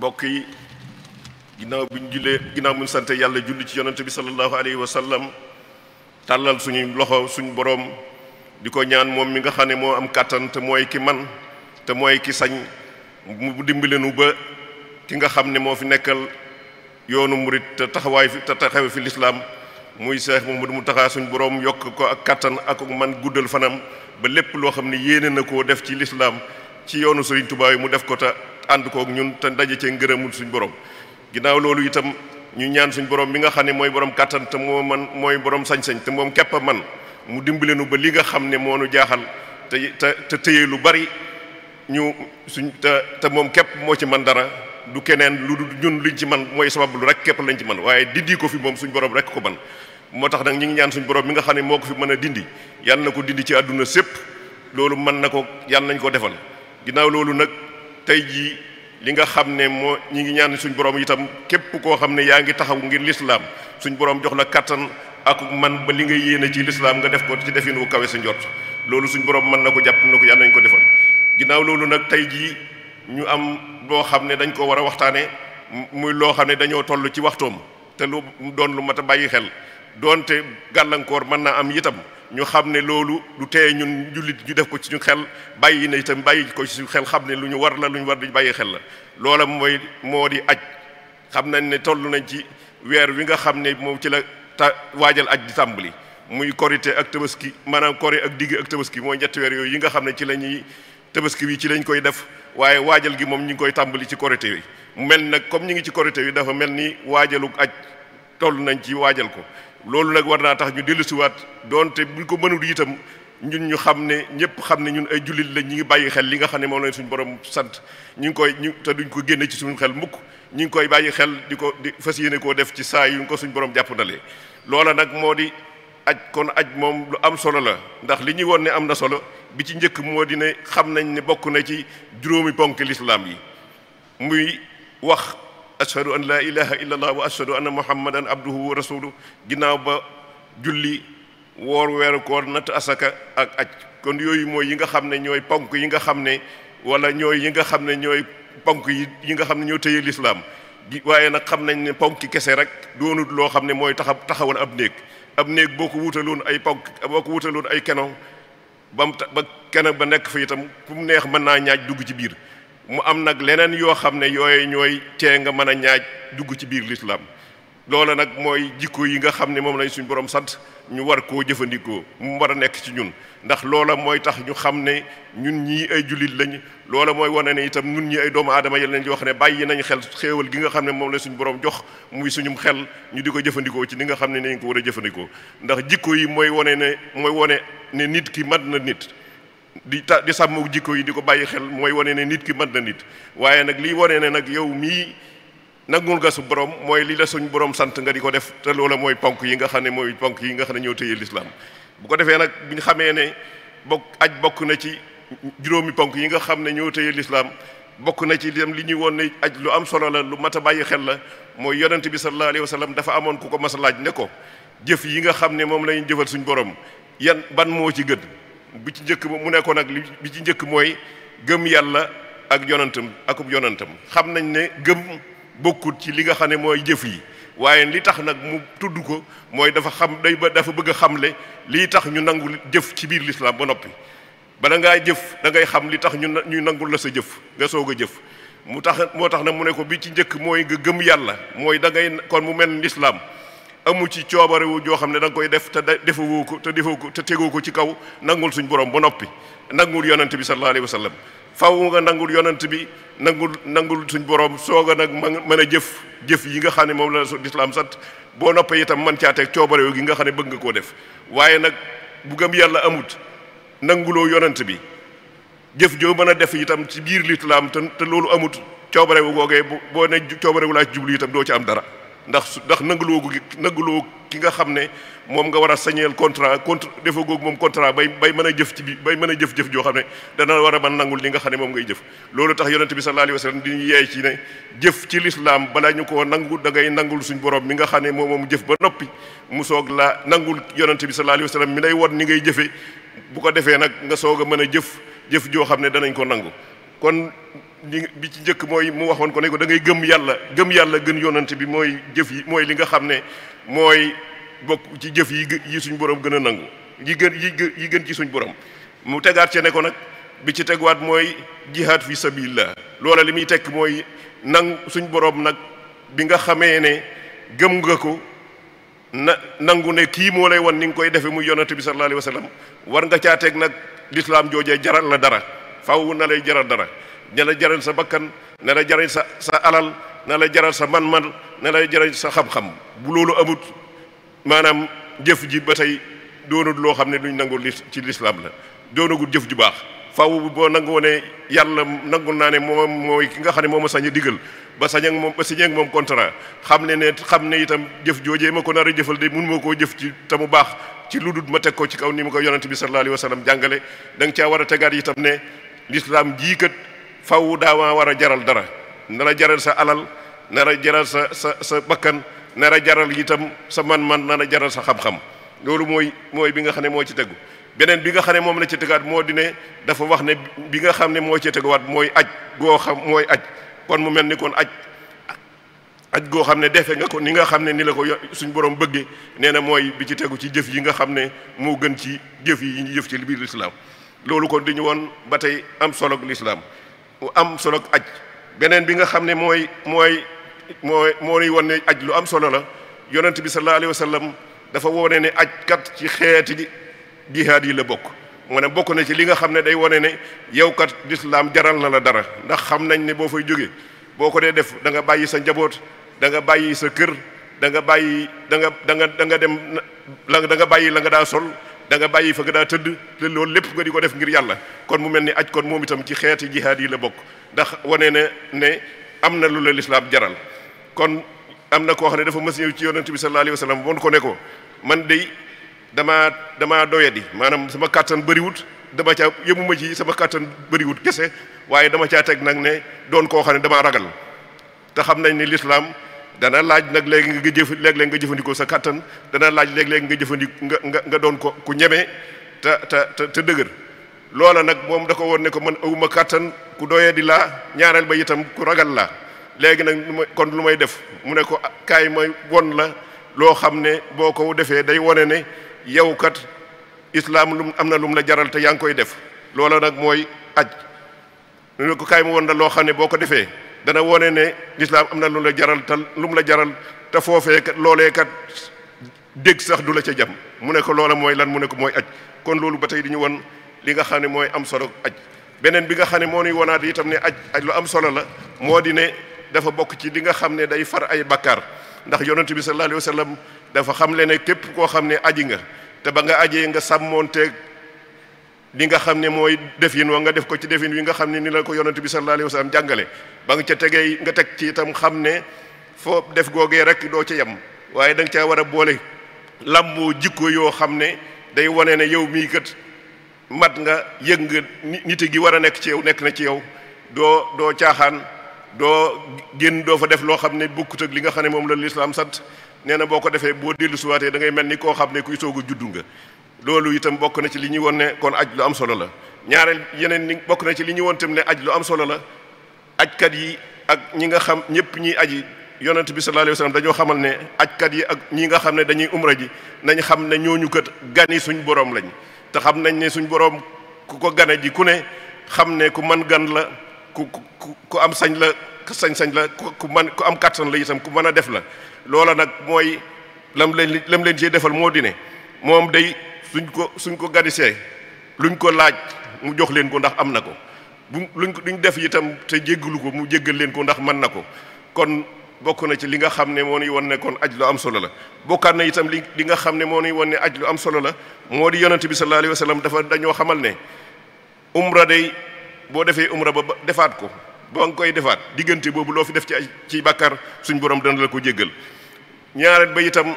mbokk yi ginnaaw bi ñu jullee ginnaaw bi ñu sante yàlla julli ci yonante bi sallallahu alayhi wa sallam tàllal suñuy loxo suñu boroom di ko ñaan moom mi nga xam ne moo am kàttan te mooy ki man te mooy ki sañ mu dimbali nu ba ki nga xam ne moo fi nekkal yoonu murit te taxawaay fi te taxawe fi lislaam muy Seex mu Muntaxa suñu boroom yokk ko ak kàttan ak man guddal fanam ba lépp loo xam ne yéene na koo def ci lislaam ci yoonu Sëriñ Tuubaa mu def ko ànd kook ñun te daje cee ngërëmul suñ borom ginnaaw loolu itam ñu ñaan suñ borom mi nga xam ne mooy borom kàttan te moo man mooy borom sañ-sañ moom képp man mu dimbale nu ba li nga xam ne moo nu jaaxal te te te téye lu bari ñu suñ te te moom képp moo ci man dara du keneen lu dul ñun liñ ci man mooy sabab lu rek képp lañ ci man waaye dindi ko fi moom suñ borom rek ko man moo tax nag ñu ñaan suñ boroom mi nga xam ne moo ko fi mën a dindi yàlla na ko dindi ci àdduna sépp loolu mën na ko yàlla nañ ko defal ginnaaw loolu nag. tey jii li nga xam ne moo ñi ngi ñaan suñ borom itam képp koo xam ne yaa ngi taxaw ngir lislaam suñ borom jox la kattan ak man ba li nga yéene ci lislaam nga def ko ci defin wu kawe sa njort loolu suñ borom mën na ko jàpp na ko yàlla nañ ko defal ginnaaw loolu nag tey jii ñu am loo xam ne dañ ko war a waxtaane muy loo xam ne dañoo toll ci waxtoom te lu doon lu mat a bàyyi xel doonte gàllankoor mën naa am yitam ñu xam ne loolu du tee ñun jullit ñu def ko ci ñu xel bàyyi na itam bàyyi ko ci suñu xel xam ne lu ñu war la lu ñu war di bàyyi xel la loola mooy moo di aj xam nañ ne tollu nañ ci weer wi nga xam ne moom ci la ta waajal aj di tàmbali muy korite ak tabaski maanaam kori ak digg ak tabaski mooy ñetti weer yooyu yi nga xam ne ci la ñuy tabaski bi ci lañ koy def waaye waajal gi moom ñu ngi koy tàmbali ci korite yi mel nag comme ñu ngi ci korite yi dafa mel ni waajalu aj tollu nañ ci waajal ko loolu nag war naa tax ñu dellu siwaat doonte ñu ko mënul itam ñun ñu xam ne ñëpp xam ne ñun ay jullit lañ ñu ngi bàyyi xel li nga xam ne moom lañ suñu borom sant ñu ngi koy ñu te duñ ko génne ci suñu xel mukk ñu koy bàyyi xel di ko di fas yéene koo def ci saa yu ko suñu borom jàpp ndalee loola nag moo di aj kon aj moom lu am solo la ndax li ñuy won ne am na solo bi ci njëkk moo di ne xam nañ ne bokk na ci juróomi ponk lislaam yi muy wax ashhadu an laa ilaha illa allah wa ashhadu anna muhammadan abduhu wa rasuluhu ginnaaw ba julli woor weeru koor natt ak aj kon yooyu mooy yi nga xam ne ñooy ponk yi nga xam ne wala ñooy yi nga xam ne ñooy ponk yi yi nga xam ne ñoo tëye lislaam waaye nag xam nañ ne ponk kese rek doonut loo xam ne mooy taxa taxawal ab néeg ab néeg boo ko wutaloon ay ponk boo ko wutaloon ay keno ba mu ba keno ba nekk fa itam fu mu neex mën naa ñaaj dugg ci biir mu am nag leneen yoo xam ne yooye ñooy tee nga mën a ñaaj dugg ci biir lislaam loola nag mooy jikko yi nga xam ne moom lañ suñu borom sant ñu war koo jëfandikoo mu war a nekk ci ñun ndax loola mooy tax ñu xam ne ñun ñii ay jullit lañ loola mooy wane ne itam ñun ñi ay doomu aadama yi lañ yoo xam ne bàyyi nañ xel xéewal gi nga xam ne moom la suñu borom jox muy suñum xel ñu di ko jëfandikoo ci li nga xam ne nañ ko war a jëfandikoo ndax jikko yi mooy wane ne mooy wane ne nit ki mat na nit di ta di sàmm jikko yi di ko bàyyi xel mooy wane ne nit ki mën na nit waaye nag lii wane ne nag yow mii nangul nga su borom mooy li la suñ borom sant nga di ko def te loola mooy ponk yi nga xam ne mooy ponk yi nga xam ne ñoo téye lislaam bu ko defee nag bu ñu xamee ne bokk aj bokk na ci juróomi ponk yi nga xam ne ñoo téye lislaam bokk na ci dem li ñuy won ne aj lu am solo la lu mat a bàyyi xel la mooy yonent bi sallallahu alayhi wa sallam dafa amoon ku ko mas a laaj ne ko jëf yi nga xam ne moom lañu jëfal suñ borom yan ban moo ci gën bi ci njëkk mu nekkoon nag bi ci njëkk mooy gëm yàlla ak yonantam akub yonantam xam nañ ne gëm bokkut ci li nga xam ne mooy jëf yi waaye li tax nag mu tudd ko mooy dafa xam day ba dafa bëgg a xamle lii tax ñu nangu jëf ci biir lislaam ba noppi bala ngaa jëf da ngay xam li tax ñu ñu nangul la sa jëf nga soog a jëf mu tax moo tax nag mu ne ko bi ci njëkk mooy nga gëm yàlla mooy da ngay kon mu mel lislaam amu ci coobarewu joo xam ne danga koy def te defewoo ko te defoo ko te tegoo ko ci kaw nangul suñ borom ba noppi nangul yonent bi sallallahu alayhi wa sallam faw nga nangul yonent bi nangul nangul suñ borom soog a nag mën a jëf jëf yi nga xam ne moom la lislaam sant boo noppee itam man caa teg coobarewu gi nga xam ne bëgg nga koo def waaye nag bu gëm yàlla amut nanguloo yonent bi jëf joo mën a def tam ci biir lislaam te te loolu amut coobarewu googee boo ne coobarewu laa ci doo ci am dara ndax ndax nangaloo nangaloo ki nga xam ne moom nga war a sañeel contrat contre defoo googu moom contrat bay bay mën a jëf ci bi bay mën a jëf joo xam ne dana war a mën nangul li nga xam ne moom ngay jëf loolu tax yonente bi sallallahu alayhi wasallam di ñu ne jëf ci lislaam balaa ñu ko nangu da ngay nangul suñ borom mi nga xam ne moom moom jëf ba noppi mu soog la nangul yonente bi sallallahu alayhi wasallam mi lay won ni ngay jëfe bu ko defee nag nga soog a mën a jëf jëf joo xam ne danañ ko nangu kon li bi ci njëkk mooy mu waxoon ko ne ko gëm yàlla gëm yàlla gën yonante bi mooy jëf yi mooy li nga xam ne mooy bokk ci jëf yi yi suñ borom gën a nangu yi gën yi gën ci suñ borom mu tegaat ci ne ko nag bi ci teguwaat mooy jihaad fi sabilillah loola li muy tekk mooy nang suñ borom nag bi nga xamee ne gëm nga ko na nangu ne kii moo lay wan ni nga koy defee muy yonante bi sallallahu alayhi wa sallam war nga caa teg nag lislaam joojee jaral la dara faw na lay jaral dara ne la jaral sa bakkan ne la jaral sa sa alal ne la jaral sa man-man ne la jaral sa xam-xam bu loolu amut maanaam jëf ji ba tey doonut loo xam ne ñu nangu li ci lislaam la doonagul jëf ju baax faw boo nangoo ne yàlla nangu naa ne moom mooy ki nga xam ne moom a sañ a digal ba sañ ak moom ba sañ moom contrat xam ne ne xam ne itam jëf joojee ma ko nar a jëfal de mun ma koo jëf ci te mu baax ci lu dul ma teg ko ci kaw ni ma ko yonent bi sallallahu alayhi wa sallam jàngale da nga caa war a tegaat itam ne lislaam jii faww daamaa war a jaral dara nara jaral sa alal nara jaral sa sa sa bakkan nara jaral itam sa man-man nara jaral sa xam-xam loolu mooy mooy bi nga xam ne moo ci tegu beneen bi nga xam ne moom la ci tegaat moo di ne dafa wax ne bi nga xam ne moo ci teguwaat mooy aj goo xam mooy aj kon mu mel ni kon aj aj goo xam ne defe nga ko ni nga xam ne ni la ko suñ borom bëggee nee na mooy bi ci tegu ci jëf yi nga xam ne moo gën ci jëf yi ñu jëf ci biir lislaam loolu kon di ñu woon ba tey am solo lislaam am solo aj beneen bi nga xam ne mooy mooy mooy moo nuy wan ne aj lu am solo na yonent bi sallallahu alayhi wa sallam dafa wone ne aj kat ci xeeti jihaad yi la bokk mu ne bokk na ci li nga xam ne day wane ne yow kat lislaam jaral na la dara ndax xam nañ ne boo fay jógee boo ko dee def da nga bàyyi sa njaboot da nga bàyyi sa kër danga bàyyi da nga danga nga dem la da nga bàyyi la nga daa sol da nga bàyyi fa nga daa tëdd te loolu lépp nga di ko def ngir yàlla kon mu mel ni aj kon moom itam ci xeeti jihaad yi la bokk ndax wane na ne am na lu la lislaam jaral kon am na koo xam ne dafa mës ñëw ci yonent bi sallallahu alayhi wa sallam woon ko ne ko man de damaa damaa doyadi maanaam sama kàttan bëriwut dama caa yemuma ci sama kàttan bëriwut kese waaye dama caa teg nag ne doon koo xam ne damaa ragal te xam nañ ne lislaam dana laaj nag léegi nga jëf léeg-léeg nga jëfandikoo sa kàttan dana laaj léeg-léeg nga jëfandikoo nga nga nga doon ko ku ñeme te te dëgër loola nag moom da ko woon ne ko man awuma kàttan ku doyee di laa ñaareel ba itam ku ragal laa léegi nag kon lu may def mu ne ko ah, kaay may won la loo xam ne boo ko defee day wone ne yow kat islaam lum am na lum la jaral te yaa ngi koy def loola nag mooy aj mu ne ko kaay ma won la loo xam ne boo ko defee dana wone ne lislaam am na lu la jaral tal lu la jaral te foofee kat loolee kat dégg sax du la ca jam mu ne ko loola mooy lan mu ne ko mooy aj kon loolu ba tey di ñu won li nga xam ne mooy am solo aj beneen bi nga xam ne moo ñuy wonaat itam ne aj aj lu am solo la moo di ne dafa bokk ci li nga xam ne day far ay bakkaar ndax yonent bi sallallahu alayhi dafa xam le ne képp koo xam ne aji nga te ba nga ajee nga sàmmoonteeg li nga xam ne mooy defin wa nga def ko ci defin wi nga xam ne ni la ko yonent bi sallallahu alayhi wa jàngale ba nga ca tegee nga teg ci itam xam ne foo def googee rek doo ca yem waaye danga nga caa war a boole làmboo jikko yoo xam ne day wane ne yow mii kat mat nga yëg nga nit gi war a nekk ci yow nekk na ci yow doo doo caaxaan doo génn doo fa def loo xam ne bokkut ak li nga xam ne moom la lislaam sant nee na boo ko defee boo dellu suwaatee da ngay mel ni koo xam ne kuy soog a juddu loolu itam bokk na ci li ñuy won ne kon aj lu am solo la ñaareel yeneen ni bokk na ci li ñuy won tam ne aj lu am solo la aj kat yi ak ñi nga xam ñëpp ñiy aji yonent bi sallallahu alayhi wasallam dañoo xamal ne ajkat yi ak ñi nga xam ne dañuy umra ji nañ xam ne ñooñu kat gani suñ borom lañ te xam nañ ne suñ borom ku ko gane ji ku ne xam ne ku man gan la ku ku ku am sañ la sañ-sañ la ku man ku am kàttan la itam ku mën a def la loola nag mooy lam leen lam leen ci defal moo di ne moom day suñ ko suñ ko ganisee luñ ko laaj mu jox leen ko ndax am na ko bu luñ ko duñ def yitam te jéggalu ko mu jéggal leen ko ndax mën na ko kon bokk na ci li nga xam ne moo nuy won ne aj lu am solo la bokkaat na itam li li nga xam ne moo won ne aj lu am solo la moo di yonent bi sallallahu alayhi wa sallam dafa dañoo xamal ne umra day boo defee umra ba defaat ko ba nga koy defaat diggante boobu loo fi def ci ay ci bakkar suñ borom dana la ko jéggal ñaareel ba itam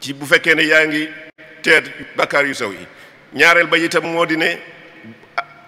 ci bu fekkee ne yaa ngi teet bakkaar yu sew yi ñaareel ba itam moo di ne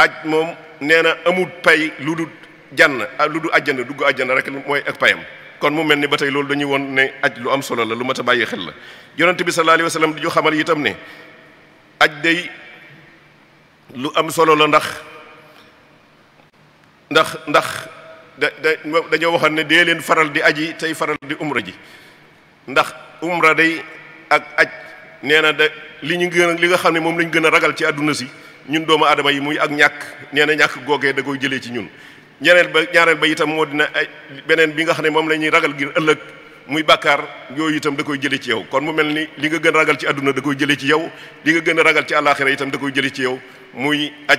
aj moom nee na amul pay lu du jann ah, lu du ajjana dugg ajjana rek mooy ak payam kon mu mel ni ba tey loolu dañuy won ne aj lu am solo la lu mat a bàyyi xel la yonent bi sallallahu alayhi wa du di ñu xamal itam ne aj day lu am solo la ndax ndax ndax da da dañoo ne dee leen faral di aji tey faral di umra ji ndax umra day ak aj nee na da li ñu gën a li nga xam ne moom lañ gën a ragal ci àdduna si ñun doomu adama yi muy ak ñàkk nee ñàkk googee da koy jëlee ci ñun ñeneen ba ñaareel ba itam moo dina ay beneen bi nga xam ne moom la ñuy ragal ngir ëllëg muy bàkkaar yooyu itam da koy jëlee ci yow kon mu mel ni li nga gën a ragal ci àdduna da koy jëlee ci yow li nga gën ci àllaaxira itam da koy jëlee ci yow muy aj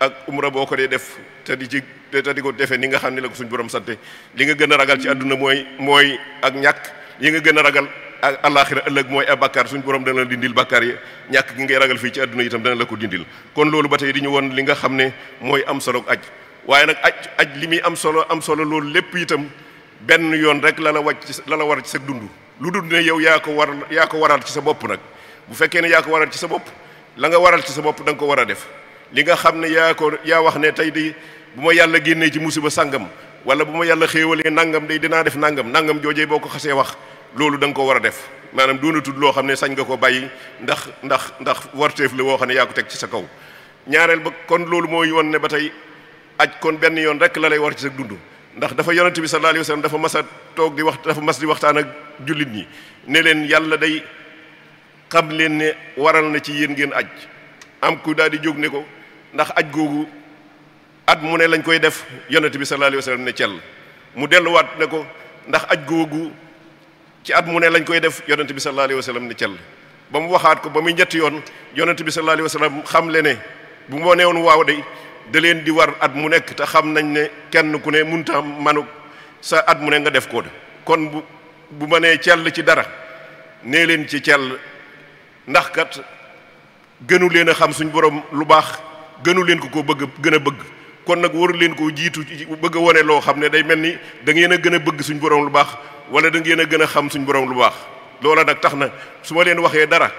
ak umra boo ko dee def te di ci te di ko defee ni nga xam ne la ko suñ borom sante li nga gën a ragal ci àdduna mooy mooy ak ñàkk li nga gën a ragal àllaaxira ëllëg mooy ay bàkkaar suñ borom dana la dindil bàkkaar yi ñàkk gi ragal fii ci àdduna itam dana la ko dindil kon loolu ba tey di ñu woon li nga xam ne mooy am solo aj waaye nag aj aj li muy am solo am solo loolu lépp itam benn yoon rek la la wàcc la la war ci sa dund lu dund ne yow yaa ko war yaa ko waral ci sa bopp nag bu fekkee ne yaa ko waral ci sa bopp la nga waral ci sa bopp da ko war a def li nga xam ne yaa ko yaa wax ne tey di bu ma yàlla génnee ci musiba sàngam wala bu ma yàlla xéewalee nangam day dinaa def nangam nangam joojee boo ko xasee wax loolu danga ko war a def maanaam doonatul loo xam ne sañ nga ko bàyyi ndax ndax ndax warteef la woo xam ne yaa ko teg ci sa kaw ñaareel ba kon loolu mooy woon ne ba tey aj kon benn yoon rek la lay war ci sa dund ndax dafa yonente bi sa alayhi wasallam dafa mas toog di wax dafa mas di waxtaan ak ne leen yàlla day xam leen ne waral na ci yéen ngeen aj am ku daal di jóg ne ko ndax aj googu at mu lañ koy def yonente bi sallallahu alayhi wasallam ne cell mu delluwaat ne ko ndax aj googu ci at mu ne lañ koy def yonent bi sallallahu alayhi wa sallam ni cell ba mu waxaat ko ba muy ñetti yoon yonent bi sallallahu alayhi wa sallam xam le ne bu moo neewoon waaw de da leen di war at mu nekk te xam nañ ne kenn ku ne munta am manu sa at mu ne nga def koo de kon bu bu ma nee cell ci dara nee leen ci cell ndax kat gënu leen a xam suñ borom lu baax gënu leen ko ko bëgg gën a bëgg kon nag waru leen koo jiitu bëgg a wone loo xam ne day mel ni da ngeen a gën a bëgg suñ borom lu baax wala da ngeen a gën a xam suñu borom lu baax loola nag tax na su ma leen waxee dara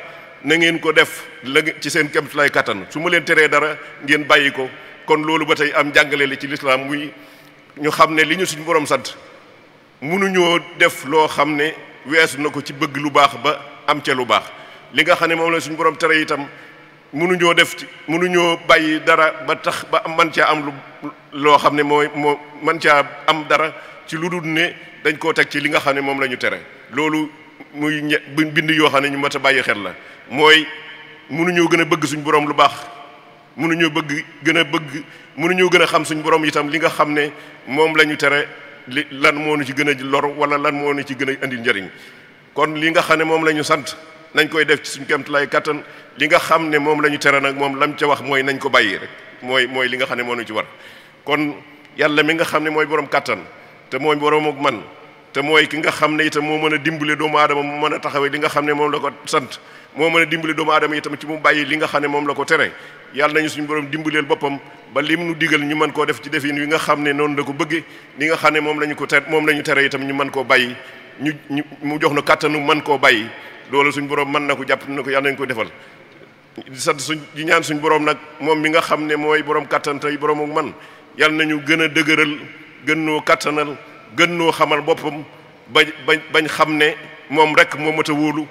na ngeen ko def la ci seen kéemtulaay kattan su ma leen teree dara ngeen bàyyi ko kon loolu ba tey am jàngale li ci lislaam muy ñu xam ne li ñu suñu borom sant mënuñoo def loo xam ne weesu na ko ci bëgg lu baax ba am ca lu baax li nga xam ne moom la suñu borom tere itam munuñoo def ci mënuñoo bàyyi dara ba tax ba man caa am lu loo xam ne mooy moo man caa am dara ci lu dul ne dañ koo teg ci li nga xam ne moom la ñu tere loolu muy bind yoo xam ne ñu mat a bàyyi xel la mooy mënuñoo gën a bëgg suñu borom lu baax mënuñoo bëgg gën a bëgg mënuñoo gën a xam suñu borom itam li nga xam ne moom la ñu tere li lan moo nu ci gën a lor wala lan moo nu ci gën a indil njëriñ kon li nga xam ne moom la ñu sant nañ koy def ci suñu kéemtalaay kattan li nga xam ne moom la ñu tere nag moom lam ca wax mooy nañ ko bàyyi rek mooy mooy li nga xam ne moom nu ci war kon yàlla mi nga xam ne mooy borom kattan. te mooy borom man te mooy ki nga xam ne itam moo mën a dimbale doomu aadama mu mën a taxawee li nga xam ne moom la ko sant moo mën a dimbale doomu aadama itam ci mu xam ne moom la ko tere yàlla suñu borom dimbaleel boppam ba lim nu digal ñu mën koo def ci defin wi nga xam ne noonu la ko bëggee li nga xam ne moom la ko te moom ñu tere itam ñu mën koo bàyyi ñu mu jox na kàttanu mën koo bàyyi loolu suñu borom mën na ko jàpp na ko yàlla nañu ko defal di sant suñ di ñaan suñu boroom nag moom mi nga xam ne mooy borom kàttan tey borom ak man yàlla nañu gën a dëgëral gën noo kattanal gën noo xamal boppam bañ bañ bañ xam ne moom rek moo mat woolu wóolu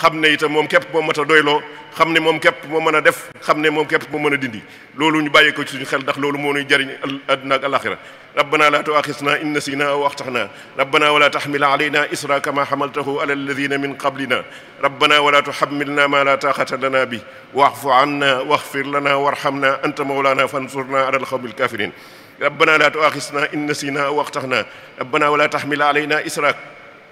xam ne itam moom képp moo mat a doyloo xam ne moom képp moo mën a def xam ne moom képp moo mën a dindi loolu ñu bàyyi ko ci suñu xel ndax loolu moo ñuy jëriñ àdduna ak alaxira rabbana la tuaxisna in nasina aw axtaxna rabbana wala taxmil alayna isra kama xamaltahu ala alladina min qablina rabbana wala tuxamilna ma la taaqata lana bi waxfu anna waxfir lana warxamna anta mawlana fansurna ala alxawmi alkafirin rabbana la tuaxisna in nasina aw axtaxna rabbana wala taxmil alayna israk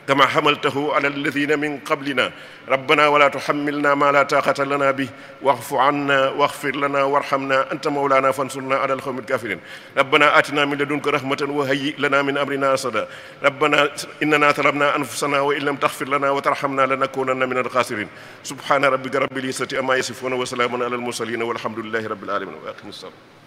kama xamaltahu ala alladina min qablina rabbana wala tuxamilna ma la taqata lana bi waxfu anna waxfir lana warxamna anta mawlana fansurna ala alqawmi alkafirin rabbana atina min ladunka rahmatan wa hayyi lana min amrina rasada rabbana innana talabna anfusana wa in lam taxfir lana wa tarxamna lanakunanna min alxasirin subhana rabbika rabbil izzati amma yasifuna wa salaamun ala almursalin walhamdulilahi rabbil alamin wa aqimu salaam